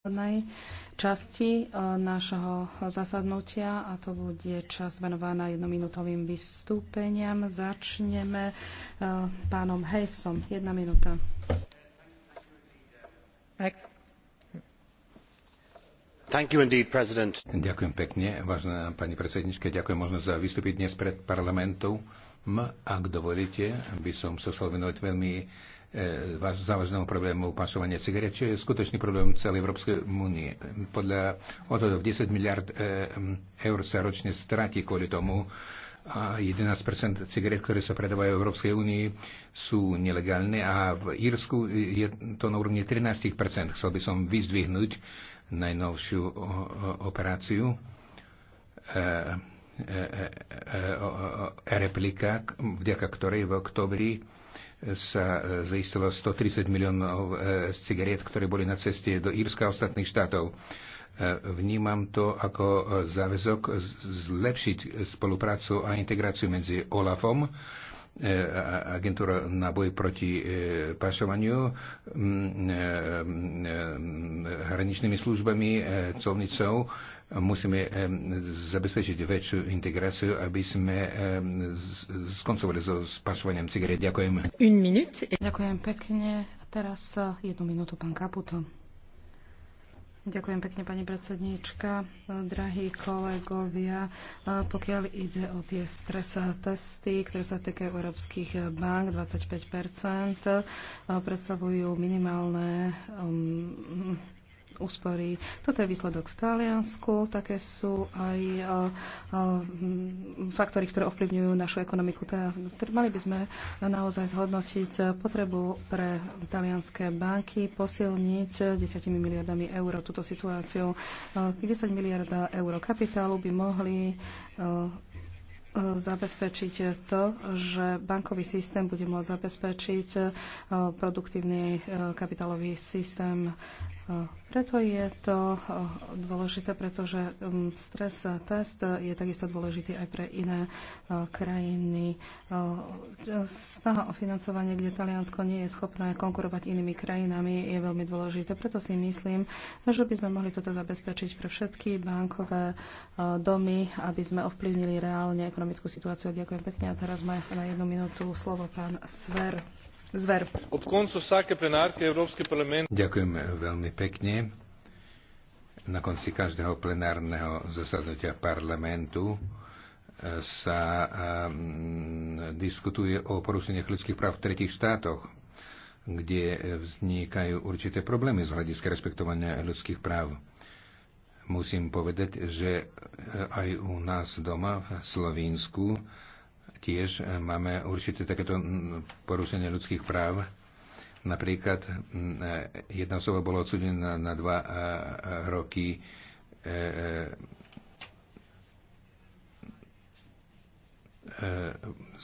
poslednej časti e, nášho zasadnutia a to bude čas venovaná jednominútovým vystúpeniam. Začneme e, pánom Hejsom. Jedna minúta. Thank you indeed, President. Ďakujem pekne, vážená pani predsednička. Ďakujem možno za vystúpiť dnes pred parlamentom. Ak dovolíte, by som sa chcel venovať veľmi E, závažného problému pašovania cigaret, čo je skutočný problém celej Európskej únie. Podľa odhodov 10 miliard e, eur sa ročne stratí kvôli tomu a 11 cigaret, ktoré sa predávajú v Európskej únii, sú nelegálne a v Írsku je to na úrovni 13 Chcel by som vyzdvihnúť najnovšiu operáciu replika, vďaka ktorej v oktobri sa e, zaistilo 130 miliónov e, cigariet, ktoré boli na ceste do Írska a ostatných štátov. E, vnímam to ako záväzok zlepšiť spoluprácu a integráciu medzi OLAFom, agentúra na boj proti pašovaniu, hraničnými službami, colnicou, musíme zabezpečiť väčšiu integráciu, aby sme skoncovali so spašovaním cigaret. Ďakujem. Ďakujem pekne. A teraz eh, jednu minútu, pán Kaputo. Ďakujem pekne, pani predsednička, eh, Drahí kolegovia, eh, pokiaľ ide o tie stres testy, ktoré sa týkajú európskych bank, 25 predstavujú minimálne um, úspory. Toto je výsledok v Taliansku, také sú aj eh, eh, faktory, ktoré ovplyvňujú našu ekonomiku. Teda, teda mali by sme naozaj zhodnotiť eh, potrebu pre talianské banky posilniť 10 miliardami eur túto situáciu. 10 miliarda eur kapitálu by mohli zabezpečiť to, že bankový systém bude môcť zabezpečiť produktívny kapitálový systém preto je to eh, dôležité, pretože mm, stres eh, test je takisto dôležitý aj pre iné eh, krajiny. Snaha o financovanie, kde Taliansko nie je schopné konkurovať inými krajinami, je veľmi dôležité. Preto si myslím, že by sme mohli toto zabezpečiť pre všetky bankové domy, aby sme ovplyvnili reálne ekonomickú situáciu. Ďakujem pekne. A teraz má na jednu minútu slovo pán Sver zver. Ob koncu vsake plenárky Európsky parlament... Ďakujem veľmi pekne. Na konci každého plenárneho zasadnutia parlamentu eh, sa um, diskutuje o porušeniach ľudských práv v tretich štátoch, kde vznikajú určité problémy z hľadiska respektovania ľudských práv. Musím povedať, že eh, aj u nás doma v Slovensku, Tiež e, máme určité takéto porušenie ľudských práv. Napríklad e, jedna osoba bola odsudená na dva e, roky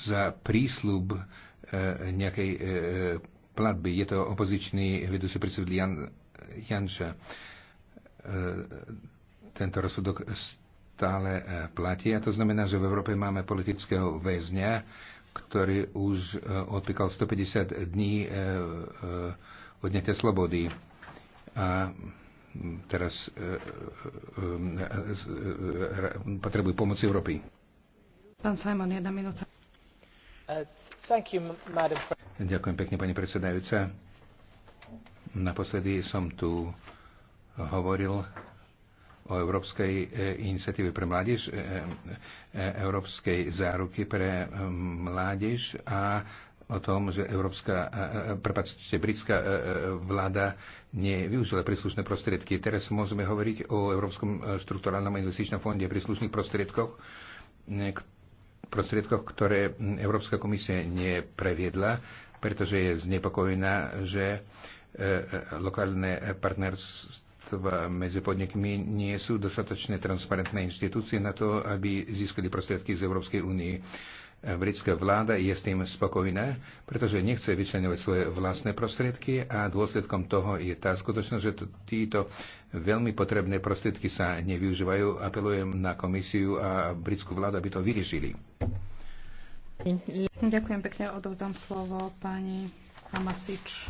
za prísľub nejakej platby. Je to opozičný vedúci predsed Jan, Janša. Tento rozsudok stále e, platí. A to znamená, že v Európe máme politického väzňa, ktorý už e, odpíkal 150 dní e, odnete slobody. A teraz potrebujú pomoc Európy. Pán Simon, jedna minúta. Uh, Ďakujem pekne, pani predsedajúca. Naposledy som tu hovoril o Európskej e, iniciatíve pre mládež, e, e, Európskej záruky pre mládež a o tom, že európska, prepáčte, britská vláda nevyužila príslušné prostriedky. Teraz môžeme hovoriť o Európskom štruktúrálnom investičnom fonde príslušných prostriedkoch, prostriedkoch, ktoré Európska komisia nepreviedla, pretože je znepokojená, že lokálne partnerstvo partnerstva medzi podnikmi nie sú dostatočne transparentné inštitúcie na to, aby získali prostriedky z Európskej únie. Britská vláda je s tým spokojná, pretože nechce vyčlenovať svoje vlastné prostriedky a dôsledkom toho je tá skutočnosť, že títo veľmi potrebné prostriedky sa nevyužívajú. Apelujem na komisiu a britskú vládu, aby to vyriešili. Ďakujem pekne, odovzdám slovo pani Amasič.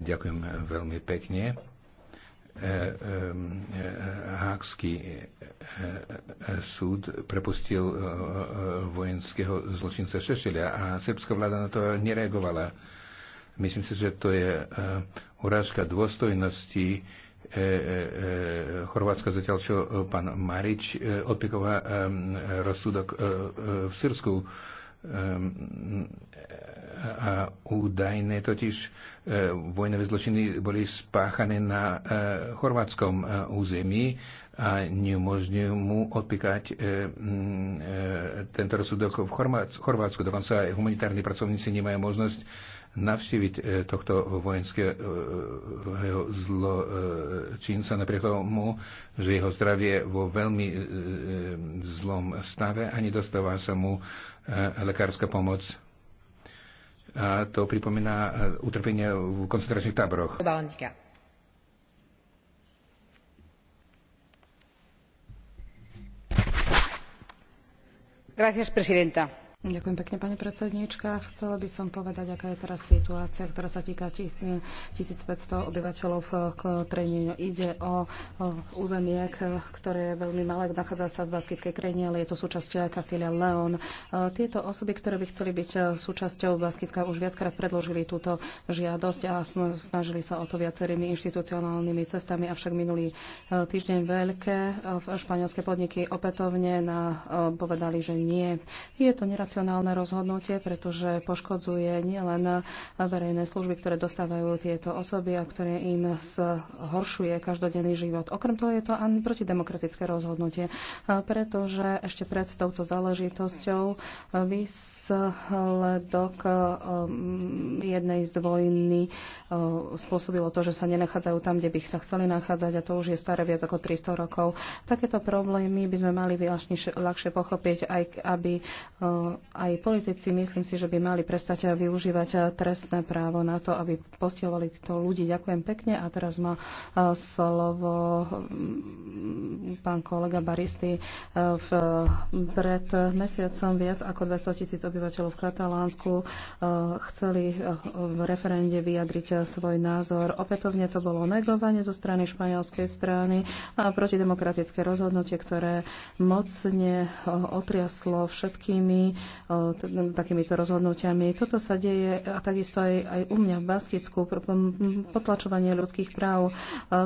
Ďakujem eh, veľmi pekne. Eh, eh, Hákský súd prepustil vojenského zločinca Šešelia a srbská vláda na to nereagovala. Myslím si, že to je urážka dôstojnosti Chorvátska zatiaľ, čo pán Marič odpikoval rozsudok v Syrsku Ehm, a údajné totiž e, vojnové zločiny boli spáchané na e, chorvátskom e, území a neumožňujú mu odpíkať tento rozsudok v Chorvátsku. Dokonca aj humanitárni pracovníci nemajú možnosť navštíviť tohto vojenského zločinca napriek tomu, že jeho zdravie vo veľmi zlom stave a nedostáva sa mu E, lekárska pomoc. A to pripomína e, utrpenie v koncentračných táboroch. Balandika. Gracias, presidenta Ďakujem pekne, pani predsednička. Chcela by som povedať, aká je teraz situácia, ktorá sa týka 1500 obyvateľov v Trenine. Ide o územie, ktoré je veľmi malé, nachádza sa v Baskickej krajine, ale je to súčasť Kastília Leon. E, tieto osoby, ktoré by chceli byť súčasťou Baskická, už viackrát predložili túto žiadosť a snažili sa o to viacerými inštitucionálnymi cestami, avšak minulý e, týždeň veľké e, španielské podniky opätovne na, povedali, že nie. Je to neraz iracionálne rozhodnutie, pretože poškodzuje nielen verejné služby, ktoré dostávajú tieto osoby a ktoré im zhoršuje každodenný život. Okrem toho je to ani protidemokratické rozhodnutie, pretože ešte pred touto záležitosťou výsledok um, jednej z vojny uh, spôsobilo to, že sa nenachádzajú tam, kde by sa chceli nachádzať a to už je staré viac ako 300 rokov. Takéto problémy by sme mali ľahšie pochopiť, aj aby uh, aj politici, myslím si, že by mali prestať využívať trestné právo na to, aby postihovali týchto ľudí. Ďakujem pekne a teraz má e, slovo mm, pán kolega Baristy. E, v, pred mesiacom viac ako 200 tisíc obyvateľov v Katalánsku e, chceli v referende vyjadriť svoj názor. Opätovne to bolo negovanie zo strany španielskej strany a protidemokratické rozhodnutie, ktoré mocne otriaslo všetkými E, takýmito rozhodnutiami. Toto sa deje a takisto aj, aj u mňa v Baskicku, potlačovanie ľudských práv. E,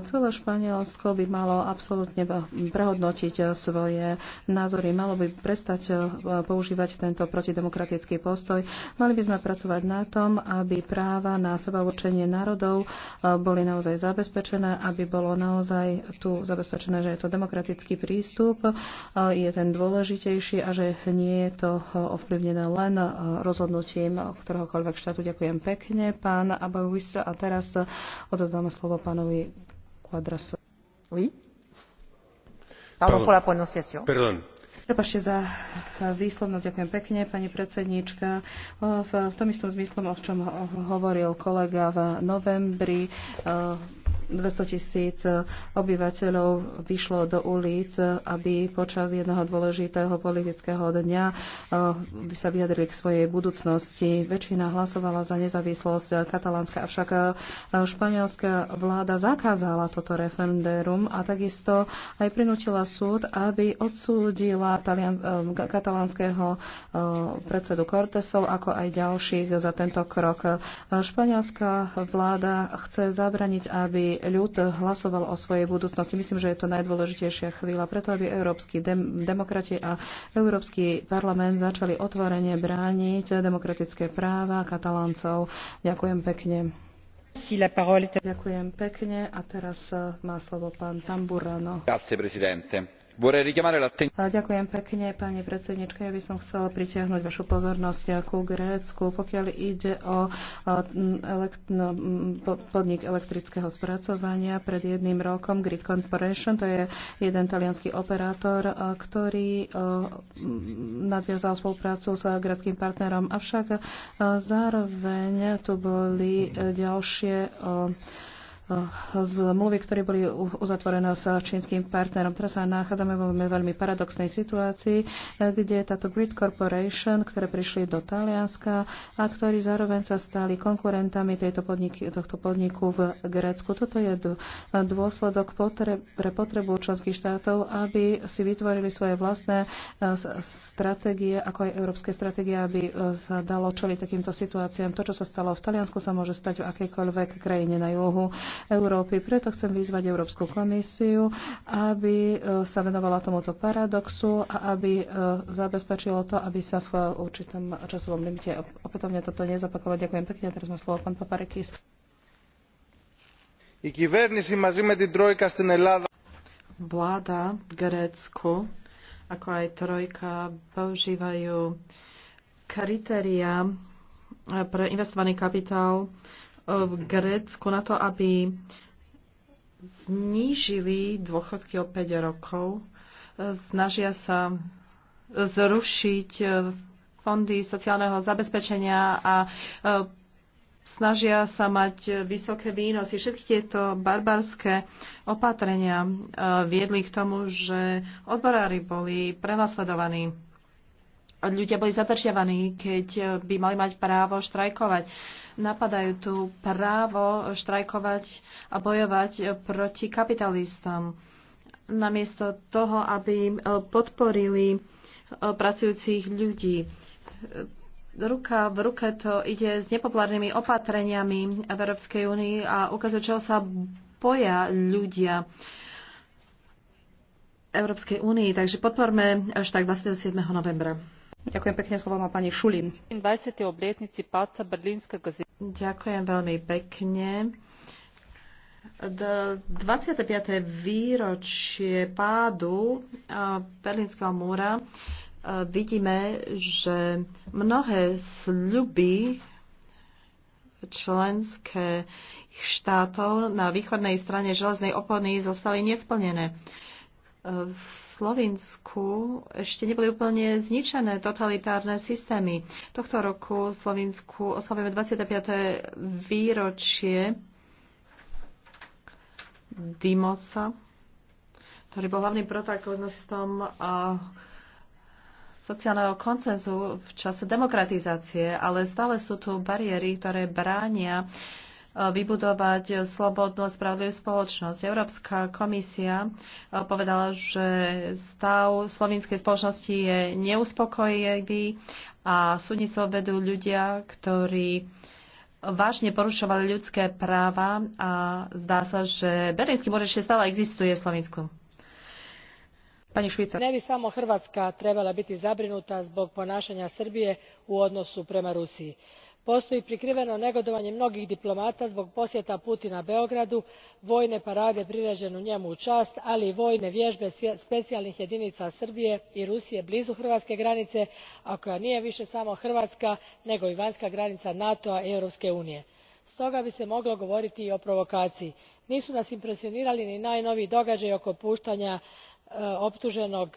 celé Španielsko by malo absolútne prehodnotiť svoje názory. Malo by prestať e, používať tento protidemokratický postoj. Mali by sme pracovať na tom, aby práva na seba určenie národov boli naozaj zabezpečené, aby bolo naozaj tu zabezpečené, že je to demokratický prístup, je ten dôležitejší a že nie je to ovplyvnené len e, rozhodnutím ktoréhokoľvek štátu. Ďakujem pekne, pán Abavis. A teraz e, odovzdám slovo pánovi Quadrasovi. Oui. Prepašte za výslovnosť, ďakujem pekne, pani predsednička. V, v tom istom zmysle, o čom hovoril kolega v novembri, e, 200 tisíc obyvateľov vyšlo do ulic, aby počas jedného dôležitého politického dňa eh, sa vyjadrili k svojej budúcnosti. Väčšina hlasovala za nezávislosť katalánska, avšak eh, španielská vláda zakázala toto referendérum a takisto aj prinútila súd, aby odsúdila eh, katalánskeho predsedu Cortesov, ako aj ďalších za tento krok. Španielská vláda chce zabraniť, aby ľud hlasoval o svojej budúcnosti. Myslím, že je to najdôležitejšia chvíľa, preto aby európsky dem- demokrati a Európsky parlament začali otvorene brániť demokratické práva kataláncov. Ďakujem pekne. Ďakujem pekne a teraz má slovo pán Tamburano. Grazie, presidente Ďakujem pekne, pani predsednička. Ja by som chcela pritiahnuť vašu pozornosť ku Grécku. Pokiaľ ide o no, podnik elektrického spracovania, pred jedným rokom Grid Corporation, to je jeden talianský operátor, ktorý nadviazal spoluprácu s gréckým partnerom. Avšak zároveň tu boli e, ďalšie zmluvy, ktoré boli uzatvorené s čínskym partnerom. Teraz sa nachádzame vo veľmi paradoxnej situácii, kde táto Grid Corporation, ktoré prišli do Talianska a ktorí zároveň sa stali konkurentami tejto podniky, tohto podniku v Grécku. Toto je dôsledok potreb, pre potrebu členských štátov, aby si vytvorili svoje vlastné e, stratégie, ako aj európske stratégie, aby e, sa dalo čeliť takýmto situáciám. To, čo sa stalo v Taliansku, sa môže stať v akejkoľvek krajine na juhu Európy. Preto chcem vyzvať Európsku komisiu, aby e, sa venovala tomuto paradoxu a aby e, zabezpečilo to, aby sa v určitom časovom limite opätovne toto nezapakovalo. Ďakujem pekne. Teraz má slovo pán Paparikis. Η κυβέρνηση μαζί με την Τρόικα στην Ελλάδα vláda v Grécku, ako aj Trojka, používajú kritéria pre investovaný kapitál v Grécku na to, aby znížili dôchodky o 5 rokov. Snažia sa zrušiť e, fondy sociálneho zabezpečenia a e, snažia sa mať vysoké výnosy. Všetky tieto barbarské opatrenia e, viedli k tomu, že odborári boli prenasledovaní. Ľudia boli zadržiavaní, keď by mali mať právo štrajkovať. Napadajú tu právo štrajkovať a bojovať proti kapitalistom. Namiesto toho, aby podporili e, pracujúcich ľudí. Ruka v ruke to ide s nepopulárnymi opatreniami v Európskej únii a ukazuje, čo sa boja ľudia. Európskej únii. Takže podporme až tak 27. novembra. Ďakujem pekne, slovo má pani Šulin. zidu. Ďakujem veľmi pekne. 25. výročie pádu Berlínskeho múra vidíme, že mnohé sľuby členské štátov na východnej strane železnej opony zostali nesplnené v Slovinsku ešte neboli úplne zničené totalitárne systémy. Tohto roku v Slovensku oslavujeme 25. výročie Dimosa, ktorý bol hlavným protagonistom a sociálneho koncenzu v čase demokratizácie, ale stále sú tu bariéry, ktoré bránia uh, Eh, vybudovať slobodnú a spravodlivú spoločnosť. Európska komisia eh, povedala, že stav slovinskej spoločnosti je neuspokojivý a súdnictvo vedú ľudia, ktorí vážne porušovali ľudské práva a zdá sa, že Berlínsky môže ešte stále existuje v Slovensku. Pani Švica. Ne by samo Hrvatska trebala biti zabrinuta zbog ponašanja Srbije u odnosu prema Rusiji postoji prikriveno negodovanje mnogih diplomata zbog posjeta putina beogradu vojne parade priređene njemu u čast ali i vojne vježbe specijalnih jedinica srbije i rusije blizu hrvatske granice a koja nije više samo hrvatska nego i vanjska granica nato a i europske unije. stoga bi se moglo govoriti i o provokaciji. nisu nas impresionirali ni najnoviji događaji oko puštanja e, optuženog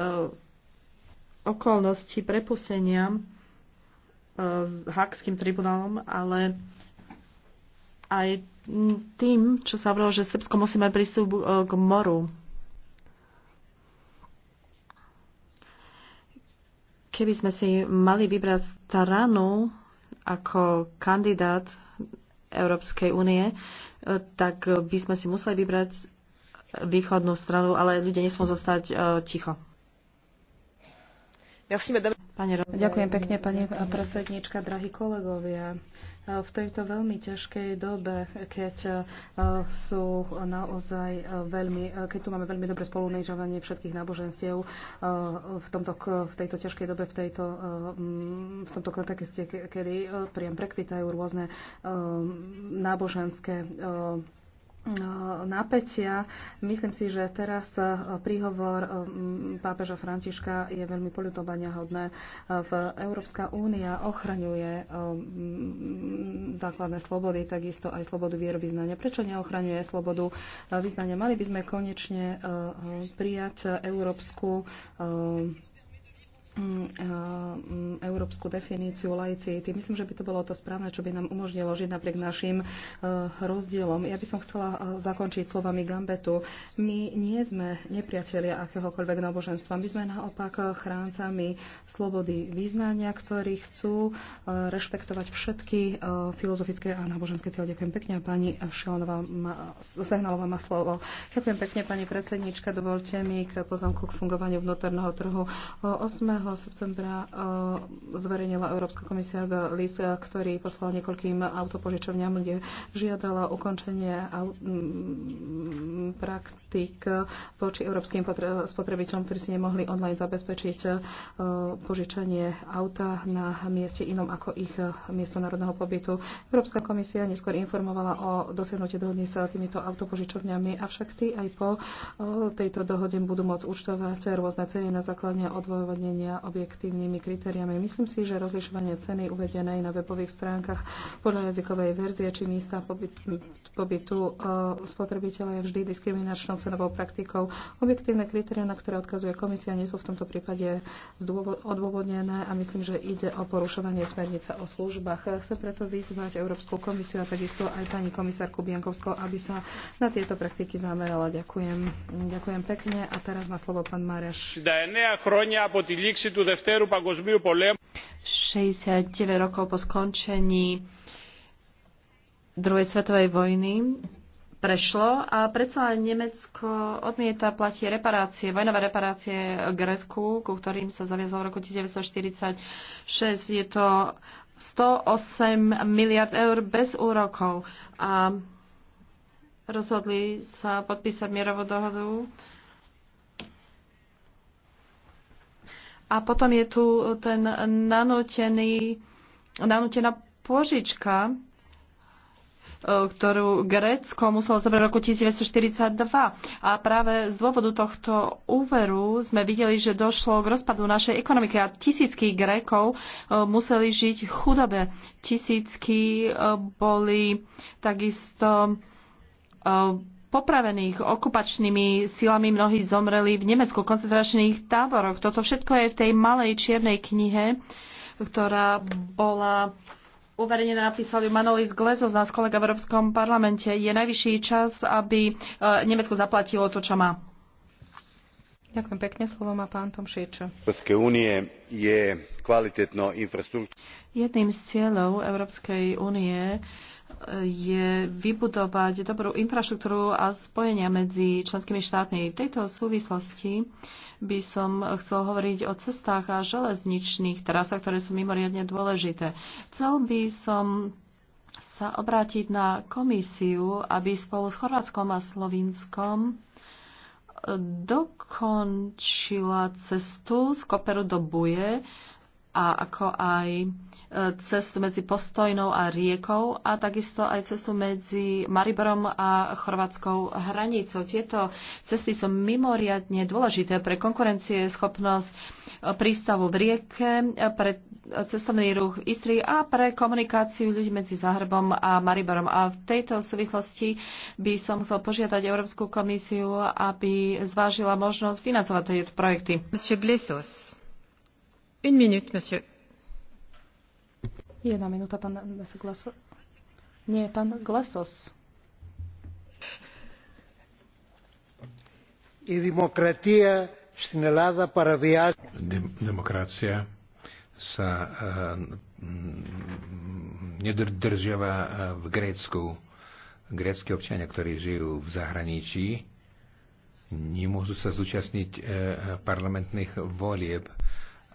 Eh, okolnosti prepustenia Hakským eh, tribunálom, ale aj tým, čo sa hovorilo, že Srbsko musí mať prístup eh, k moru. Keby sme si mali vybrať stranu ako kandidát Európskej únie, tak by sme si museli vybrať východnú stranu, ale ľudia nesmú zostať ticho. Ďakujem pekne, pani predsednička, drahí kolegovia. V tejto veľmi ťažkej dobe, keď eh, sú naozaj eh, veľmi, eh, keď tu máme veľmi dobre spolunejžovanie všetkých náboženstiev v, tomto, v tejto ťažkej dobe, v, tejto, v tomto kontexte, kedy priam prekvitajú rôzne náboženské Eh, napätia. Myslím si, že teraz eh, príhovor eh, pápeža Františka je veľmi politovania hodné. V Európska únia ochraňuje základné slobody, takisto aj slobodu vierovýznania. Prečo neochraňuje slobodu vyznania? Mali by sme konečne prijať európsku Mm, e, mm, európsku definíciu laicity. Myslím, že by to bolo to správne, čo by nám umožnilo žiť napriek našim e, rozdielom. Ja by som chcela e, zakončiť slovami Gambetu. My nie sme nepriatelia akéhokoľvek náboženstva. My sme naopak chráncami slobody význania, ktorí chcú rešpektovať všetky filozofické a náboženské cieľe. Ďakujem pekne pani Šilanová ma, Sehnalová má slovo. Ďakujem pekne, pani predsednička. Dovolte mi k poznámku k fungovaniu vnútorného trhu. 8 septembra e, zverejnila Európska komisia list, e, ktorý poslal niekoľkým autopožičovňam, kde žiadala ukončenie praktik e, voči európskym spotrebičom, ktorí si nemohli online zabezpečiť požičanie auta na mieste inom ako ich miesto národného pobytu. Európska komisia neskôr informovala o dosiahnutí dohody s týmito autopožičovňami, avšak tí aj po tejto dohode budú môcť účtovať rôzne ceny na základe odôvodnenia riadenia objektívnymi kritériami. Myslím si, že rozlišovanie ceny uvedenej na webových stránkach podľa jazykovej verzie či místa pobytu e, spotrebiteľa je vždy diskriminačnou cenovou praktikou. Objektívne kritéria, na ktoré odkazuje komisia, nie sú v tomto prípade odôvodnené a myslím, že ide o porušovanie smernice o službách. Chcem preto vyzvať Európsku komisiu a takisto aj pani komisárku Biankovskou, aby sa na tieto praktiky zamerala. Ďakujem. Ďakujem pekne a teraz má slovo pán Mareš. 69 rokov po skončení druhej svetovej vojny prešlo a predsa Nemecko odmieta platiť reparácie, vojnové reparácie Grécku, ku ktorým sa zaviazalo v roku 1946. Je to 108 miliard eur bez úrokov a rozhodli sa podpísať mierovú dohodu A potom je tu ten nanútený, nanútená pôžička, e, ktorú Grécko muselo zobrať v roku 1942. A práve z dôvodu tohto úveru sme videli, že došlo k rozpadu našej ekonomiky a tisícky Grékov e, museli žiť v chudobe. Tisícky e, boli takisto popravených okupačnými silami, mnohí zomreli v Nemecku koncentračných táboroch. Toto všetko je v tej malej čiernej knihe, ktorá bola uverejnená napísal ju Manolis Glezos, nás kolega v Európskom parlamente. Je najvyšší čas, aby e, Nemecko zaplatilo to, čo má. Ďakujem pekne, slovo má pán Tomšič. Európskej únie je kvalitetno infrastruktúra. Jedným z cieľov Európskej únie je vybudovať dobrú infraštruktúru a spojenia medzi členskými štátmi. V tejto súvislosti by som chcel hovoriť o cestách a železničných trasách, ktoré sú mimoriadne dôležité. Chcel by som sa obrátiť na komisiu, aby spolu s Chorvátskom a Slovinskom dokončila cestu z Koperu do Buje a ako aj cestu medzi Postojnou a riekou a takisto aj cestu medzi Mariborom a chorvátskou hranicou. Tieto cesty sú mimoriadne dôležité pre konkurencie, schopnosť prístavu v rieke, pre cestovný ruch v Istrii a pre komunikáciu ľudí medzi Zahrbom a Mariborom. A v tejto súvislosti by som chcel požiadať Európsku komisiu, aby zvážila možnosť financovať tieto projekty. Monsieur Glesos. Une minute, monsieur. Jedna minúta, pán Glasos. Nie, pán Glasos. Η δημοκρατία στην Ελλάδα παραβιάζει... Δημοκρατία sa nedržiava v Grécku. Grécky občania, ktorí žijú v zahraničí, nemôžu sa zúčastniť parlamentných volieb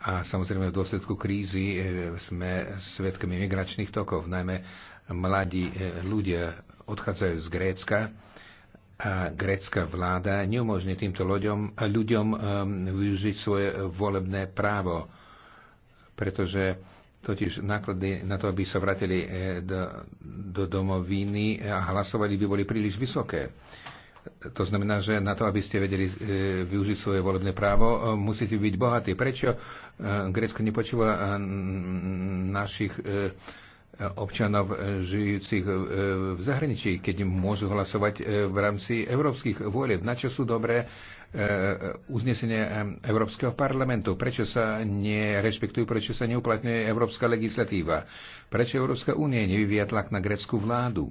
a samozrejme v dôsledku krízy e, sme svetkami migračných tokov, najmä mladí e, ľudia odchádzajú z Grécka a grécka vláda neumožní týmto ľuďom, ľuďom e, využiť svoje volebné právo, pretože totiž náklady na to, aby sa vrátili do, do domoviny a hlasovali, by boli príliš vysoké. To znamená, že na to, aby ste vedeli e, využiť svoje volebné právo, e, musíte byť bohatí. Prečo e, Grécko nepočúva našich občanov žijúcich v zahraničí, keď môžu hlasovať v rámci európskych volieb? Na čo sú dobré uznesenia Európskeho parlamentu, prečo sa nerešpektujú, prečo sa neuplatňuje európska legislatíva, prečo Európska únie nevyvíja tlak na greckú vládu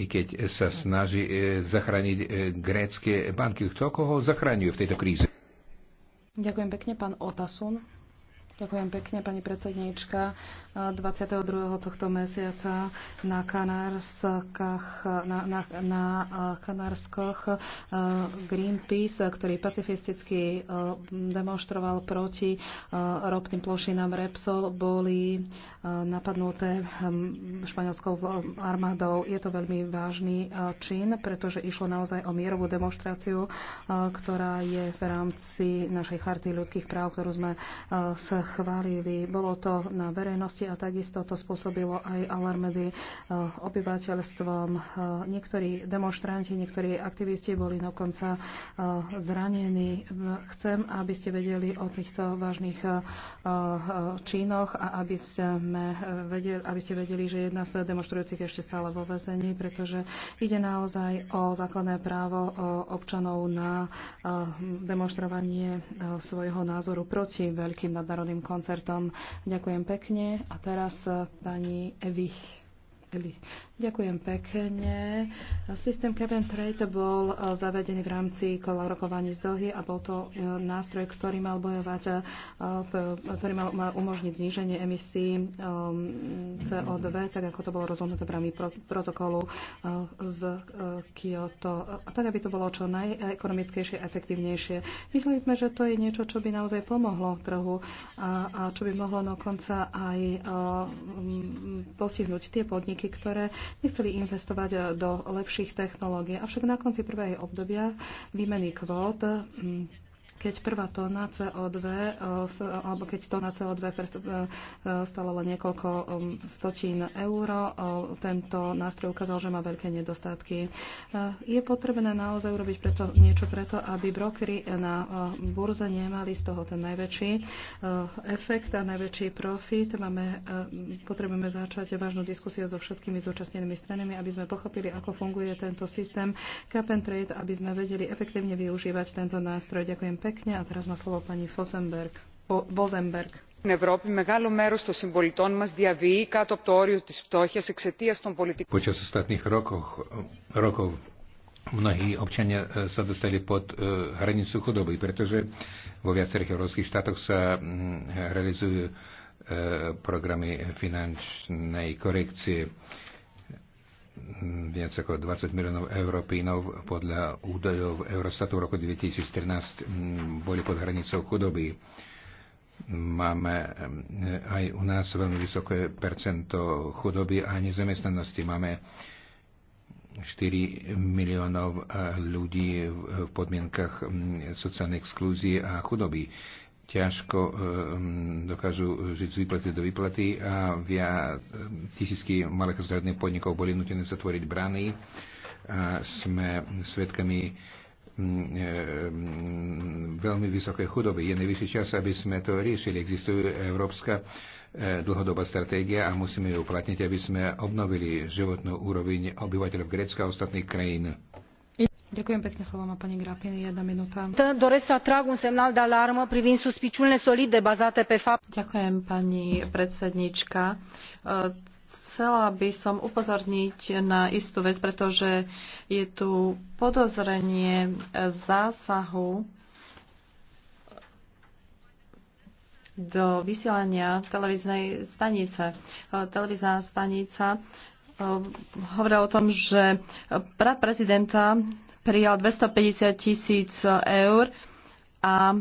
i keď sa snaží e, zachrániť e, grécké banky. Kto koho zachraňuje v tejto kríze? Ďakujem pekne, pán Otasun. Ďakujem pekne, pani predsedníčka. 22. tohto mesiaca na Kanárskach, na, na, na Kanárskoch Greenpeace, ktorý pacifisticky demonstroval proti ropným plošinám Repsol, boli napadnuté hm, španielskou armádou. Je to veľmi vážny čin, pretože išlo naozaj o mierovú demonstráciu, ktorá je v rámci našej charty ľudských práv, ktorú sme sa chválili. Bolo to na verejnosti a takisto to spôsobilo aj alarm medzi eh, obyvateľstvom. Eh, niektorí demonstranti, niektorí aktivisti boli dokonca eh, zranení. Chcem, aby ste vedeli o týchto vážnych činoch a aby, sme vedeli, aby ste vedeli, že jedna z demonstrujúcich ešte stále vo väzení, pretože ide naozaj o základné právo občanov na demonstrovanie svojho názoru proti veľkým nadnárodným vašim koncertom. Ďakujem pekne. A teraz eh, pani Evich. Eli. Ďakujem pekne. Systém Cap and Trade bol e, zavedený v rámci kolorokovania z Dohy a bol to e, nástroj, ktorý mal bojovať, e, ktorý mal, mal umožniť zníženie emisí CO2, tak ako to bolo rozhodnuté v rámci protokolu z Kyoto, tak aby to bolo čo najekonomickejšie a efektívnejšie. Mysleli sme, že to je niečo, čo by naozaj pomohlo trhu a, a čo by mohlo dokonca aj postihnúť tie podniky, ktoré nechceli investovať eh, do lepších technológií. Avšak na konci prvej obdobia výmeny kvót hm, keď prvá tóna CO2, eh, alebo keď tóna CO2 eh, stalo len niekoľko eh, stotín eur, tento nástroj ukázal, že má veľké nedostatky. Je potrebné naozaj urobiť preto, niečo preto, aby brokery na burze nemali z toho ten najväčší efekt a najväčší profit. Máme, potrebujeme začať vážnu diskusiu so všetkými zúčastnenými stranami, aby sme pochopili, ako funguje tento systém cap and trade, aby sme vedeli efektívne využívať tento nástroj. Ďakujem pekne pekne a teraz má slovo pani Fosenberg. Bo- Vozenberg. Στην Ευρώπη μεγάλο των συμπολιτών κάτω από το όριο των πολιτικών... Počas ostatných rokov, rokov mnohí občania eh, sa dostali pod eh, hranicu chudoby, pretože vo viacerých európskych štátoch sa mm, realizujú eh, programy finančnej korekcie Mm, viac ako 20 miliónov Európínov podľa údajov Eurostatu v roku 2013 mm, boli pod hranicou chudoby. Máme mm, aj u nás veľmi vysoké percento chudoby a nezamestnanosti. Máme 4 miliónov ľudí v podmienkach sociálnej exklúzie a chudoby ťažko eh, dokážu žiť z výplaty do výplaty a via eh, tisícky malých zdravotných podnikov boli nutené zatvoriť brany. A sme svedkami mm, eh, veľmi vysokej chudoby. Je najvyšší čas, aby sme to riešili. Existuje európska dlhodobá stratégia a musíme ju uplatniť, aby sme obnovili životnú úroveň obyvateľov Grécka a ostatných krajín. Ďakujem pekne, slovo má pani Grapini, jedna minúta. Doresc să atrag un semnal de alarmă privind suspiciunile solide bazate pe fapt. Ďakujem, pani predsednička. Chcela by som upozorniť na istú vec, pretože je tu podozrenie zásahu do vysielania televíznej stanice. Televízna stanica hovorila o tom, že brat prezidenta prijal 250 tisíc eur a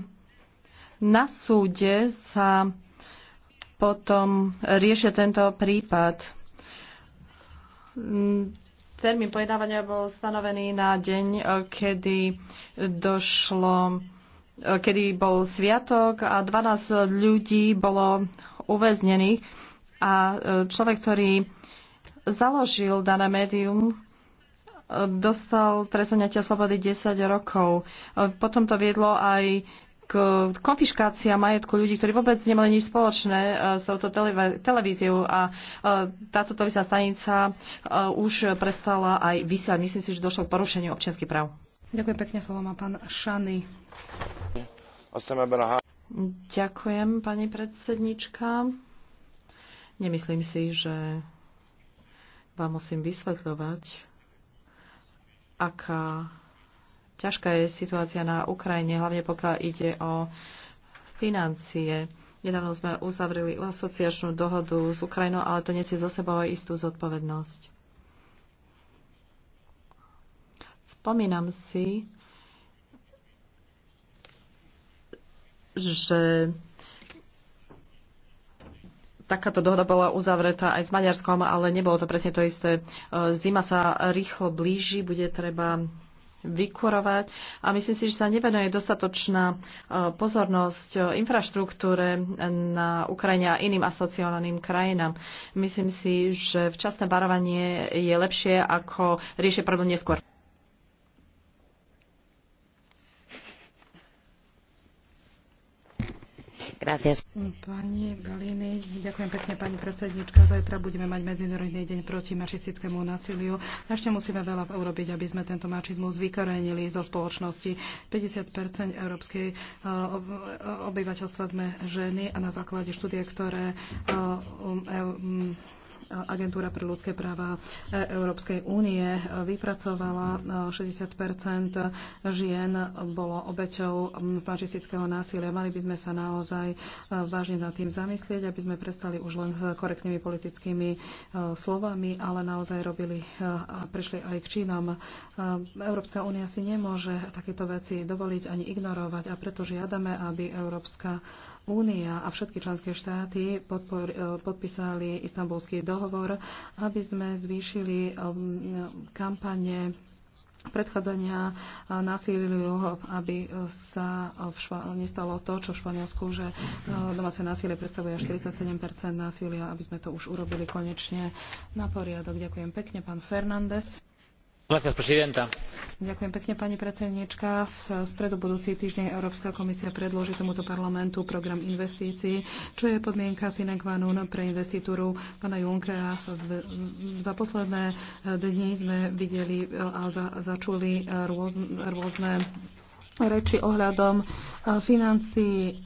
na súde sa potom riešia tento prípad. Termín pojednávania bol stanovený na deň, kedy došlo kedy bol sviatok a 12 ľudí bolo uväznených a človek, ktorý založil dané médium, dostal trest slobody 10 rokov. Potom to viedlo aj k konfiškácia majetku ľudí, ktorí vôbec nemali nič spoločné e, s touto televíziou a e, táto televízna stanica e, už prestala aj vysiať. Myslím si, že došlo k porušeniu občianských práv. Ďakujem pekne, slovo má pán Šany. Ďakujem, pani predsednička. Nemyslím si, že vám musím vysvetľovať, aká ťažká je situácia na Ukrajine, hlavne pokiaľ ide o financie. Nedávno sme uzavreli asociačnú dohodu s Ukrajinou, ale to nesie zo sebou aj istú zodpovednosť. Spomínam si, že takáto dohoda bola uzavretá aj s Maďarskom, ale nebolo to presne to isté. E, zima sa rýchlo blíži, bude treba vykurovať a myslím si, že sa nevenuje dostatočná e, pozornosť e, infraštruktúre na Ukrajine a iným asociovaným krajinám. Myslím si, že včasné varovanie je lepšie ako riešie problém neskôr. Gracias. Pani Balini, ďakujem pekne pani predsednička. Zajtra budeme mať Medzinárodný deň proti mašistickému násiliu. Ešte musíme veľa urobiť, aby sme tento mačizmus vykorenili zo spoločnosti. 50 európskej eh, obyvateľstva sme ženy a na základe štúdie, ktoré eh, um, eh, um, Agentúra pre ľudské práva Európskej únie vypracovala 60 eh, žien bolo obeťou hm, fašistického násilia. Mali by sme sa naozaj eh, vážne nad tým zamyslieť, aby sme prestali už len s korektnými politickými eh, slovami, ale naozaj robili a prešli aj k činom. Európska únia si nemôže takéto veci dovoliť ani ignorovať a preto žiadame, aby Európska Únia a všetky členské štáty podpor, e, podpísali istambulský dohovor, aby sme zvýšili e, kampane predchádzania e, násiliu, aby sa v Šva- nestalo to, čo v Španielsku, že domáce násilie predstavuje 47 násilia, aby sme to už urobili konečne na poriadok. Ďakujem pekne, pán Fernández. Ďakujem pekne, pani V stredu budúci týždeň Európska komisia predloží tomuto parlamentu program investícií, čo je podmienka sine qua non pre investitúru pana Junckera. za posledné eh, dni sme videli eh, a za, začuli eh, rôzne, rôzne reči ohľadom financií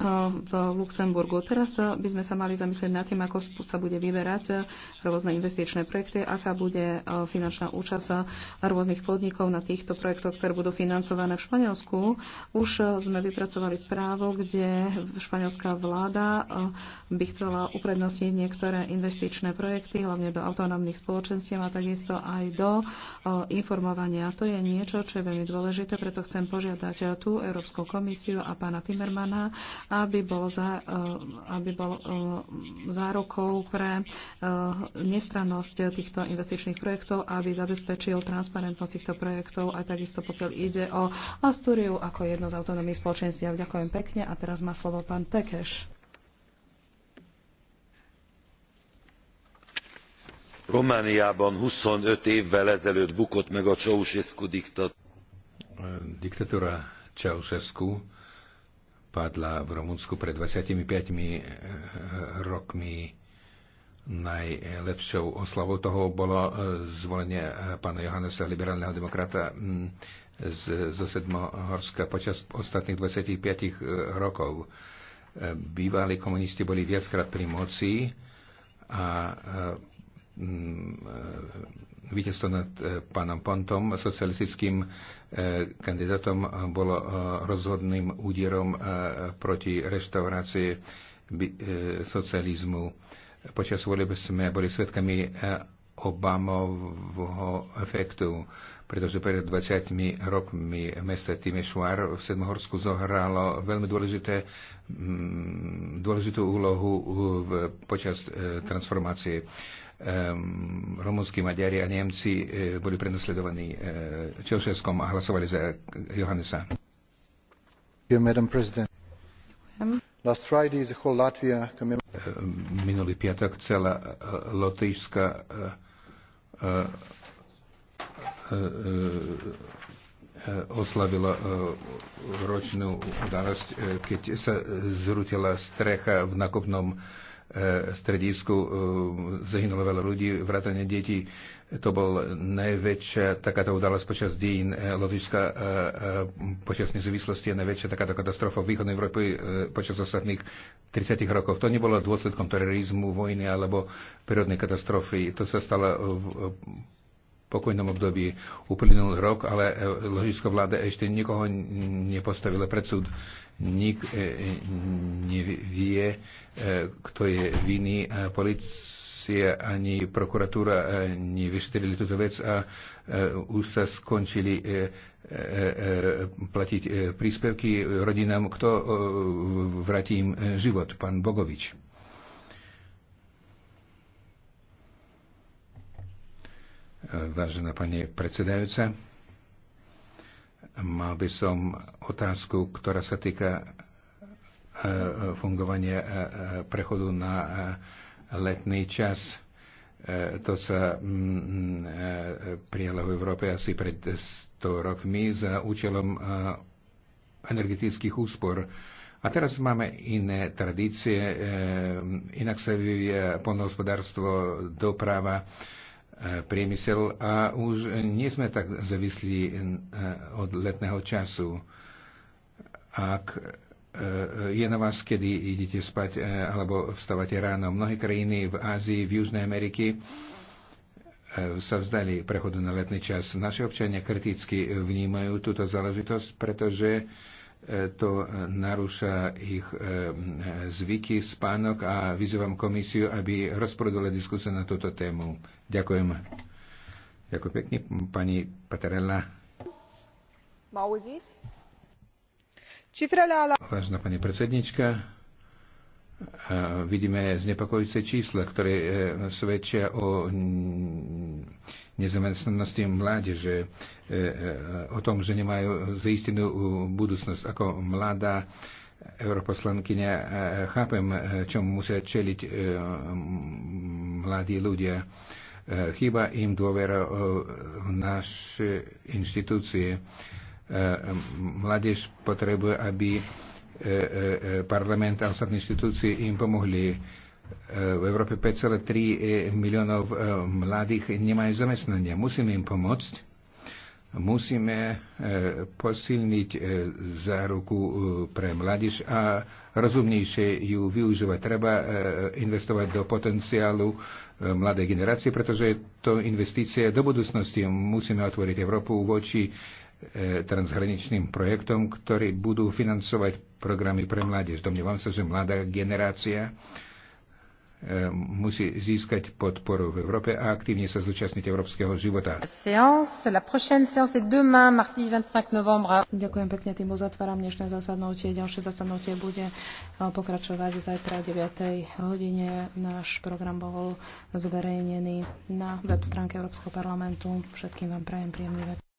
v Luxemburgu. Teraz by sme sa mali zamyslieť nad tým, ako sa bude vyberať rôzne investičné projekty, aká bude finančná účasť rôznych podnikov na týchto projektoch, ktoré budú financované v Španielsku. Už sme vypracovali správu, kde španielská vláda by chcela uprednostniť niektoré investičné projekty, hlavne do autonómnych spoločenstiev a takisto aj do informovania. To je niečo, čo je veľmi dôležité, preto chcem požiadať tú Európsku komisiu a pána Timmermana, aby bol, za, eh, aby bol eh, zárokou pre eh, nestrannosť týchto investičných projektov, aby zabezpečil transparentnosť týchto projektov a takisto pokiaľ ide o Asturiu ako jedno z autonómnych spoločenstiev. Ďakujem pekne a teraz má slovo pán Tekeš. romániában 25 évvel ezelőtt bukott meg a ceausescu diktatúra. diktatúra ceausescu padla v Rumunsku pred 25 eh, rokmi. Najlepšou oslavou toho bolo eh, zvolenie eh, pána Johannesa, liberálneho demokrata mm, z, zo Sedmohorska počas ostatných 25 rokov. Bývalí komunisti boli viackrát pri moci a mm, víťazstvo nad e, pánom Pontom, socialistickým e, kandidátom, bolo e, rozhodným úderom proti reštaurácii socializmu. Počas volieb sme boli svetkami Obamovho efektu, pretože pred 20 rokmi mesto Timešuar v Sedmohorsku zohralo veľmi dôležité, dôležitú úlohu v, počas transformácie Ehm, Rumunskí, Maďari a Nemci e, boli prenasledovaní e, Čelšovskom a hlasovali za Johannesa. E, minulý piatok celá Lotyšská oslavila ročnú udalosť, keď sa zrutila strecha v nakopnom E, stredisku e, zahynulo veľa ľudí, vrátane detí. To bol najväčšia takáto udalosť počas dejín e, Lotyšska počas nezávislosti a najväčšia takáto katastrofa v východnej Európe počas ostatných 30 rokov. To nebolo dôsledkom terorizmu, vojny alebo prírodnej katastrofy. To sa stalo pokojnom období. Uplynul rok, ale e, ložisko vláda ešte nikoho nepostavila pred súd. Nik e, e, nevie, kto je vinný. Polícia ani prokuratúra nevyšetrili túto vec a už sa skončili platiť e príspevky rodinám, kto vratí im život. Pán Bogovič. Vážená pani predsedajúca, mal by som otázku, ktorá sa týka e, fungovania e, prechodu na e, letný čas. To sa mm, prijalo v Európe asi pred 100 rokmi za účelom energetických úspor. A teraz máme iné tradície, inak sa vyvíja polnohospodárstvo, doprava, E, priemysel a už nie sme tak závislí e, od letného času. Ak e, je na vás, kedy idete spať alebo vstávate ráno. Mnohé krajiny v Ázii, v Južnej Amerike sa vzdali prechodu na letný čas. Naši občania kriticky vnímajú túto záležitosť, pretože E, to narúša ich e, zvyky, spánok a vyzývam komisiu, aby rozprodala diskusie na túto tému. Ďakujem. Ďakujem pekne, pani Paterella. Vážna pani predsednička, e, vidíme znepokojúce čísla, ktoré svedčia o nezamestnanosti mládeže, e, e, o tom, že nemajú zaistenú e, budúcnosť ako mladá europoslankyňa. Chápem, čomu musia čeliť mladí ľudia. Chýba im dôvera v naše inštitúcie. Mládež potrebuje, aby parlament a ostatné inštitúcie im pomohli v Európe 5,3 e, miliónov e, mladých nemajú zamestnania. Musíme im pomôcť musíme e, posilniť záruku pre mladíž a rozumnejšie ju využívať. Treba investovať do potenciálu mladej generácie, pretože je to investícia do budúcnosti. Musíme otvoriť Európu voči transhraničným projektom, ktorí budú financovať programy pre mládež. Domnievam sa, že mladá generácia E, musí získať podporu v Európe a aktívne sa zúčastniť európskeho života. Ďakujem pekne, tým uzatváram dnešné zasadnutie. Ďalšie zasadnutie bude e, pokračovať zajtra o 9. hodine. Náš program bol zverejnený na web stránke Európskeho parlamentu. Všetkým vám prajem príjemný večer.